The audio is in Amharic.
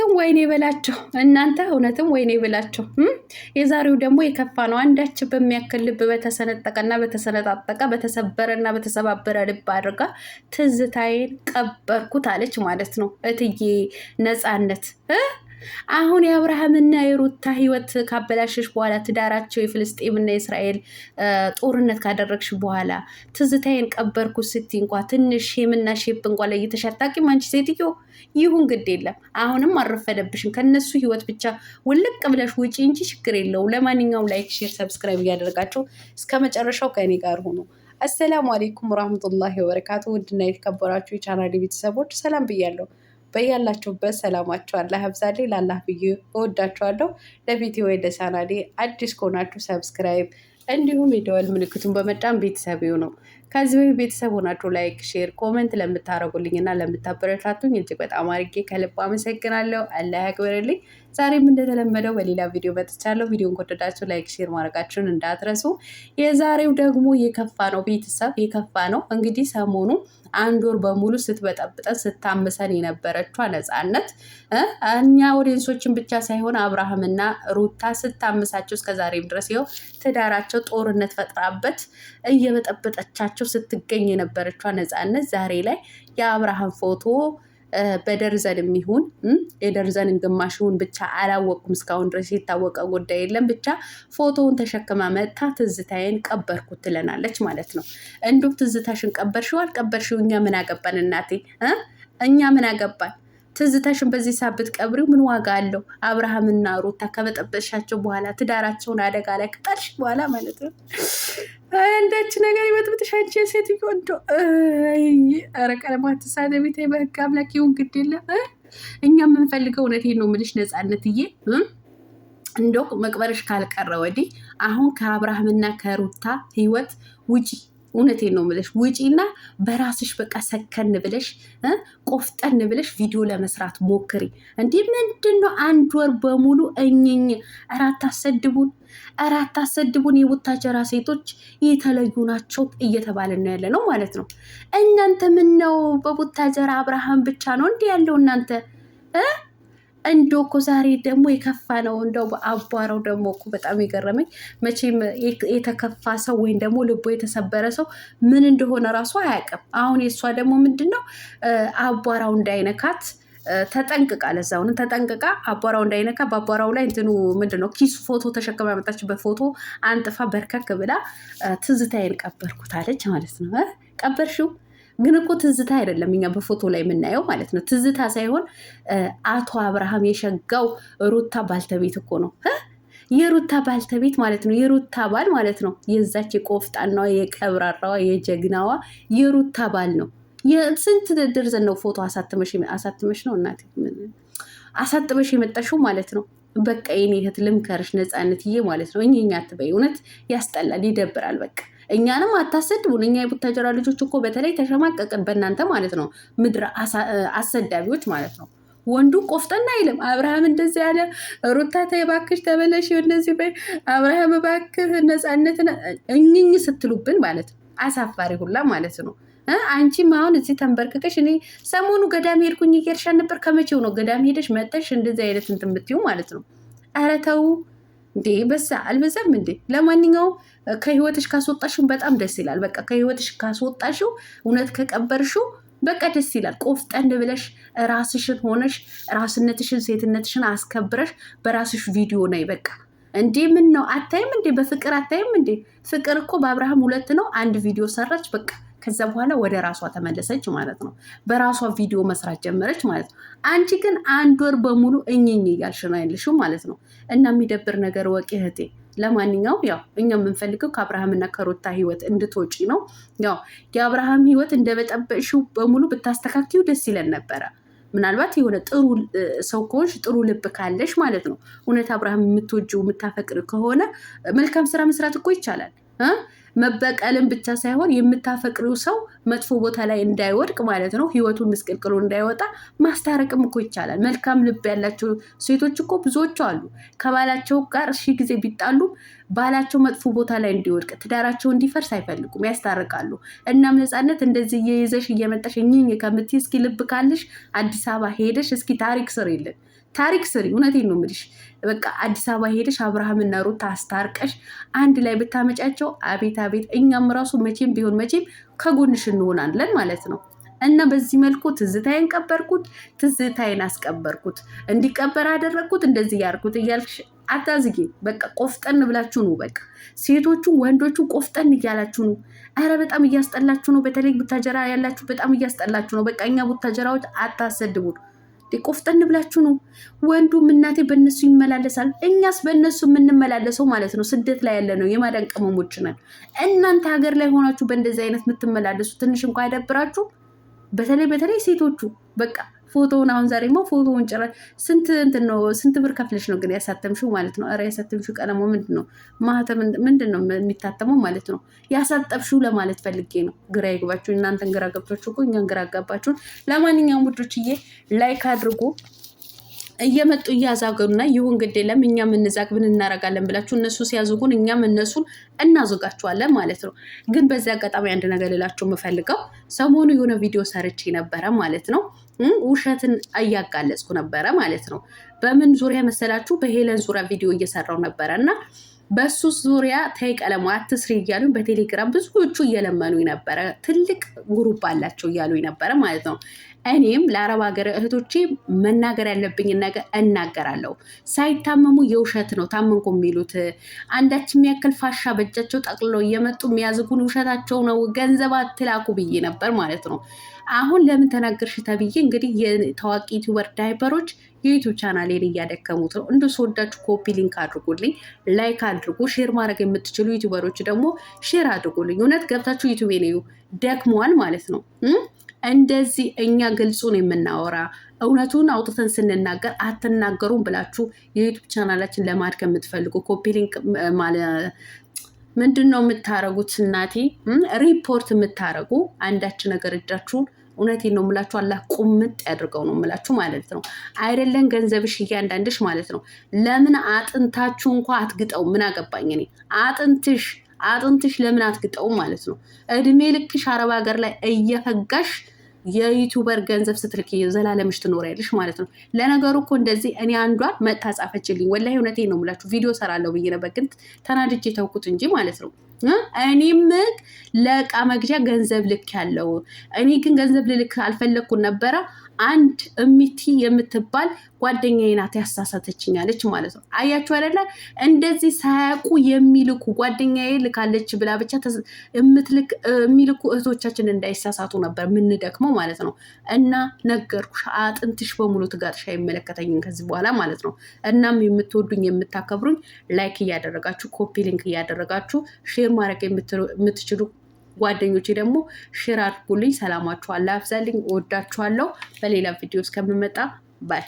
እውነትም ወይኔ በላቸው እናንተ እውነትም ወይኔ በላቸው። የዛሬው ደግሞ የከፋ ነው። አንዳች በሚያክል ልብ በተሰነጠቀና በተሰነጣጠቀ በተሰበረና በተሰባበረ ልብ አድርጋ ትዝታዬን ቀበርኩት አለች ማለት ነው እትዬ ነፃነት አሁን የአብርሃምና የሩታ ህይወት ካበላሸሽ በኋላ ትዳራቸው የፍልስጤምና የእስራኤል ጦርነት ካደረግሽ በኋላ ትዝታዬን ቀበርኩ ስቲ እንኳ ትንሽ ሼምና ሼፕ እንኳ ላይ እየተሻታቂ አንቺ ሴትዮ። ይሁን ግድ የለም አሁንም አረፈደብሽም። ከነሱ ህይወት ብቻ ውልቅ ብለሽ ውጪ እንጂ ችግር የለው ለማንኛውም ላይክ፣ ሼር፣ ሰብስክራይብ እያደረጋችሁ እስከ መጨረሻው ከእኔ ጋር ሆኖ አሰላሙ አሌይኩም ወራህመቱላሂ ወበረካቱ። ውድና የተከበራችሁ የቻናል ቤተሰቦች ሰላም ብያለሁ። በያላችሁበት ሰላማችሁ አላህ ያብዛልኝ። ላላህ ብዬ እወዳችኋለሁ። ለቤቴ ወይ ለቻናሌ አዲስ ከሆናችሁ ሰብስክራይብ እንዲሁም የደወል ምልክቱን በመጫን ቤተሰብ ነው ከዚህ በፊት ቤተሰብ ሆናችሁ ላይክ፣ ሼር፣ ኮመንት ለምታደረጉልኝ እና ለምታበረታቱኝ እጅግ በጣም አድርጌ ከልብ አመሰግናለሁ። አላህ ያክብርልኝ። ዛሬም እንደተለመደው በሌላ ቪዲዮ መጥቻለሁ። ቪዲዮን ከወደዳችሁ ላይክ፣ ሼር ማድረጋችሁን እንዳትረሱ። የዛሬው ደግሞ የከፋ ነው፣ ቤተሰብ የከፋ ነው። እንግዲህ ሰሞኑ አንድ ወር በሙሉ ስትበጠብጠን ስታምሰን የነበረችዋ ነፃነት እኛ ኦዲየንሶችን ብቻ ሳይሆን አብርሃምና ሩታ ስታምሳቸው እስከዛሬም ድረስ ይኸው ትዳራቸው ጦርነት ፈጥራበት እየበጠበጠቻቸው አብራቸው ስትገኝ የነበረችዋ ነፃነት ዛሬ ላይ የአብርሃም ፎቶ በደርዘን የሚሆን የደርዘንን ግማሽ ይሁን ብቻ አላወቅኩም። እስካሁን ድረስ የታወቀ ጉዳይ የለም። ብቻ ፎቶውን ተሸክማ መጥታ ትዝታዬን ቀበርኩ ትለናለች ማለት ነው። እንዲሁም ትዝታሽን ቀበርሽው አልቀበርሽው እኛ ምን አገባን እናቴ፣ እኛ ምን አገባን? ትዝታሽን በዚህ ሰዓት ብትቀብሪው ምን ዋጋ አለው? አብርሃምና ሩታ ከበጠበሻቸው በኋላ ትዳራቸውን አደጋ ላይ ከጣልሽ በኋላ ማለት ነው አንዳች ነገር ይበጥብጥሽ አንቺ ሴትዮ እንደው ኧረ ቀለማ ትሳደ ቤት በህግ አምላክ ይሁን ግድ የለም እኛ የምንፈልገው እውነቴን ነው የምልሽ ነፃነትዬ እንደው መቅበርሽ ካልቀረ ወዲህ አሁን ከአብርሃምና ከሩታ ህይወት ውጪ እውነቴን ነው የምልሽ። ውጪና በራስሽ በቃ ሰከን ብለሽ ቆፍጠን ብለሽ ቪዲዮ ለመስራት ሞክሪ። እንዲህ ምንድን ነው አንድ ወር በሙሉ እኝኝ ኧረ አታሰድቡን፣ ኧረ አታሰድቡን፣ የቡታጀራ ሴቶች የተለዩ ናቸው እየተባለ ነው ያለ ነው ማለት ነው። እናንተ ምን ነው በቡታጀራ አብርሃም ብቻ ነው እንዲህ ያለው እናንተ እንዶ እኮ ዛሬ ደግሞ የከፋ ነው እንደው በአቧራው ደግሞ እኮ በጣም የገረመኝ መቼም የተከፋ ሰው ወይም ደግሞ ልቦ የተሰበረ ሰው ምን እንደሆነ ራሱ አያውቅም። አሁን የእሷ ደግሞ ምንድን ነው አቧራው እንዳይነካት ተጠንቅቃ ለዛውን ተጠንቅቃ አቧራው እንዳይነካ በአቧራው ላይ እንትኑ ምንድን ነው ኪሱ ፎቶ ተሸክማ ያመጣችበት ፎቶ አንጥፋ በርከክ ብላ ትዝታዬን ቀበርኩት አለች ማለት ነው። ቀበርሽው ግን እኮ ትዝታ አይደለም እኛ በፎቶ ላይ የምናየው ማለት ነው። ትዝታ ሳይሆን አቶ አብርሃም የሸጋው ሩታ ባልተቤት እኮ ነው የሩታ ባልተቤት ማለት ነው። የሩታ ባል ማለት ነው። የዛች የቆፍጣናዋ የቀብራራዋ የጀግናዋ የሩታ ባል ነው። ስንት ድርዘን ነው ፎቶ አሳትመሽ ነው እናቴ አሳጥበሽ የመጣሽው ማለት ነው። በቃ የኔ እህት ልምከርሽ ነፃነትዬ ማለት ነው። እኛኛ ትበይ እውነት ያስጠላል፣ ይደብራል። በቃ እኛንም አታሰድቡን። እኛ የቡታጀራ ልጆች እኮ በተለይ ተሸማቀቅን በእናንተ ማለት ነው፣ ምድረ አሰዳቢዎች ማለት ነው። ወንዱ ቆፍጠና አይልም። አብርሃም እንደዚህ ያለ ሩታ ተይ እባክሽ እንደዚህ በይ አብርሃም እባክህ ነፃነት እኝኝ ስትሉብን ማለት ነው። አሳፋሪ ሁላ ማለት ነው። አንቺም አሁን እዚህ ተንበርክከሽ እኔ ሰሞኑ ገዳም ሄድኩኝ እየሄድሽ ነበር። ከመቼው ነው ገዳም ሄደሽ መጠሽ እንደዚህ አይነት እንትን ማለት ነው። ኧረ ተው። እንዴ በዛ አልበዛም እንዴ? ለማንኛውም ከህይወትሽ ካስወጣሽው በጣም ደስ ይላል። በቃ ከህይወትሽ ካስወጣሽው እውነት ከቀበርሽው በቃ ደስ ይላል። ቆፍጠን ብለሽ ራስሽን ሆነሽ ራስነትሽን ሴትነትሽን አስከብረሽ በራስሽ ቪዲዮ ናይ በቃ እንዴ ምን ነው አታይም እንዴ? በፍቅር አታይም እንዴ? ፍቅር እኮ በአብርሃም ሁለት ነው። አንድ ቪዲዮ ሰራች በቃ ከዛ በኋላ ወደ ራሷ ተመለሰች ማለት ነው። በራሷ ቪዲዮ መስራት ጀመረች ማለት ነው። አንቺ ግን አንድ ወር በሙሉ እኝኝ እያልሽ ነው ያለሽው ማለት ነው። እና የሚደብር ነገር ወቂ እህቴ። ለማንኛውም ያው እኛ የምንፈልገው ከአብርሃምና ከሩታ ህይወት እንድትወጪ ነው። ያው የአብርሃም ህይወት እንደበጠበጥሽው በሙሉ ብታስተካክዩ ደስ ይለን ነበረ። ምናልባት የሆነ ጥሩ ሰው ከሆንሽ ጥሩ ልብ ካለሽ ማለት ነው እውነት አብርሃም የምትወጂው የምታፈቅር ከሆነ መልካም ስራ መስራት እኮ ይቻላል። መበቀልን ብቻ ሳይሆን የምታፈቅሪው ሰው መጥፎ ቦታ ላይ እንዳይወድቅ ማለት ነው፣ ህይወቱን ምስቅልቅሎ እንዳይወጣ ማስታረቅም እኮ ይቻላል። መልካም ልብ ያላቸው ሴቶች እኮ ብዙዎቹ አሉ። ከባላቸው ጋር ሺ ጊዜ ቢጣሉ ባላቸው መጥፎ ቦታ ላይ እንዲወድቅ ትዳራቸው እንዲፈርስ አይፈልጉም፣ ያስታርቃሉ። እናም ነፃነት እንደዚህ እየይዘሽ እየመጣሽ እኝኝ ከምትይ እስኪ ልብ ካልሽ አዲስ አበባ ሄደሽ እስኪ ታሪክ ስር የለን ታሪክ ስሪ። እውነቴን ነው የምልሽ። በቃ አዲስ አበባ ሄደሽ አብርሃምና ሩት አስታርቀሽ አንድ ላይ ብታመጫቸው አቤት አቤት። እኛም ራሱ መቼም ቢሆን መቼም ከጎንሽ እንሆናለን ማለት ነው። እና በዚህ መልኩ ትዝታዬን ቀበርኩት፣ ትዝታዬን አስቀበርኩት፣ እንዲቀበር አደረግኩት፣ እንደዚህ ያርኩት እያልሽ አታዝጌ። በቃ ቆፍጠን ብላችሁ ነው። በቃ ሴቶቹ ወንዶቹ ቆፍጠን እያላችሁ ነው። አረ በጣም እያስጠላችሁ ነው። በተለይ ቡታጀራ ያላችሁ በጣም እያስጠላችሁ ነው። በቃ እኛ ቡታጀራዎች አታሰድቡን። ቆፍጠን ብላችሁ ነው። ወንዱም እናቴ በእነሱ ይመላለሳል፣ እኛስ በእነሱ የምንመላለሰው ማለት ነው። ስደት ላይ ያለ ነው የማዳን ቅመሞች ነን። እናንተ ሀገር ላይ ሆናችሁ በእንደዚህ አይነት የምትመላለሱ ትንሽ እንኳ ያደብራችሁ። በተለይ በተለይ ሴቶቹ በቃ ፎቶውን አሁን ዛሬ ሞ ፎቶውን ጭራ ስንት እንትን ነው ስንት ብር ከፍለሽ ነው ግን ያሳተምሽው ማለት ነው? ኧረ ያሳተምሽው ቀለሞ ምንድን ነው? ማህተም ምንድን ነው የሚታተመው ማለት ነው? ያሳጠብሽው ለማለት ፈልጌ ነው። ግራ ይግባችሁ እናንተን ግራ ገብቷችሁ እኮ እኛን ግራ አጋባችሁን። ለማንኛውም ውዶችዬ ላይክ አድርጉ። እየመጡ እያዛገኑና ይሁን ግድ የለም እኛም እንዛግ ብን እናረጋለን ብላችሁ እነሱ ሲያዝጉን እኛም እነሱን እናዝጋችኋለን ማለት ነው። ግን በዚህ አጋጣሚ አንድ ነገር ልላችሁ የምፈልገው ሰሞኑ የሆነ ቪዲዮ ሰርቼ ነበረ ማለት ነው። ውሸትን እያጋለጽኩ ነበረ ማለት ነው። በምን ዙሪያ መሰላችሁ? በሄለን ዙሪያ ቪዲዮ እየሰራው ነበረ እና በሱ ዙሪያ ተይ ቀለሙ አትስሪ እያሉ በቴሌግራም ብዙዎቹ እየለመኑ ነበረ። ትልቅ ጉሩብ አላቸው እያሉ ነበረ ማለት ነው። እኔም ለአረብ ሀገር እህቶቼ መናገር ያለብኝን ነገር እናገራለሁ። ሳይታመሙ የውሸት ነው ታመንኩ የሚሉት አንዳች የሚያክል ፋሻ በእጃቸው ጠቅልለው እየመጡ የሚያዝጉን ውሸታቸው ነው። ገንዘብ አትላኩ ብዬ ነበር ማለት ነው። አሁን ለምን ተናገርሽ ተብዬ እንግዲህ የታዋቂ ዩቲዩበር ዳይፐሮች የዩቱብ ቻናሌን እያደከሙት ነው። እንደ ሰወዳችሁ ኮፒ ሊንክ አድርጉልኝ፣ ላይክ አድርጉ። ሼር ማድረግ የምትችሉ ዩቱበሮች ደግሞ ሼር አድርጉልኝ። እውነት ገብታችሁ ዩቱቤ ነው ደክመዋል ማለት ነው። እንደዚህ እኛ ግልጹን የምናወራ እውነቱን አውጥተን ስንናገር አትናገሩም ብላችሁ የዩቱብ ቻናላችን ለማድከም የምትፈልጉ ኮፒ ሊንክ ምንድን ነው የምታረጉት? እናቴ ሪፖርት የምታረጉ አንዳች ነገር እጃችሁን እውነቴን ነው የምላችሁ። አላህ ቁምጥ ያድርገው ነው የምላችሁ ማለት ነው። አይደለም ገንዘብሽ እያንዳንድሽ ማለት ነው። ለምን አጥንታችሁ እንኳ አትግጠው? ምን አገባኝ እኔ አጥንትሽ አጥንትሽ ለምን አትግጠው ማለት ነው። እድሜ ልክሽ አረብ ሀገር ላይ እየፈጋሽ የዩቱበር ገንዘብ ስትልክ ዘላለምሽ ትኖሪያለሽ ማለት ነው። ለነገሩ እኮ እንደዚህ እኔ አንዷን መታ ጻፈችልኝ። ወላሂ እውነቴን ነው የምላችሁ ቪዲዮ ሰራለሁ ብዬ ነበር፣ ግን ተናድጄ ተውኩት እንጂ ማለት ነው። እኔም ለእቃ መግዣ ገንዘብ ልክ ያለው እኔ ግን ገንዘብ ልልክ አልፈለግኩም ነበረ አንድ እሚቲ የምትባል ጓደኛዬ ናት ያሳሳተችኛለች ማለት ነው። አያችሁ አይደለ? እንደዚህ ሳያውቁ የሚልኩ ጓደኛዬ ልካለች ብላ ብቻ የሚልኩ እህቶቻችን እንዳይሳሳቱ ነበር የምንደክመው ማለት ነው። እና ነገርኩሽ፣ አጥንትሽ በሙሉ ትጋጥሻ አይመለከተኝም ከዚህ በኋላ ማለት ነው። እናም የምትወዱኝ የምታከብሩኝ፣ ላይክ እያደረጋችሁ ኮፒ ሊንክ እያደረጋችሁ ሼር ማድረግ የምትችሉ ጓደኞቼ ደግሞ ሼር አድርጉልኝ። ሰላማችኋል አብዛልኝ። እወዳችኋለሁ። በሌላ ቪዲዮ እስከምመጣ ባይ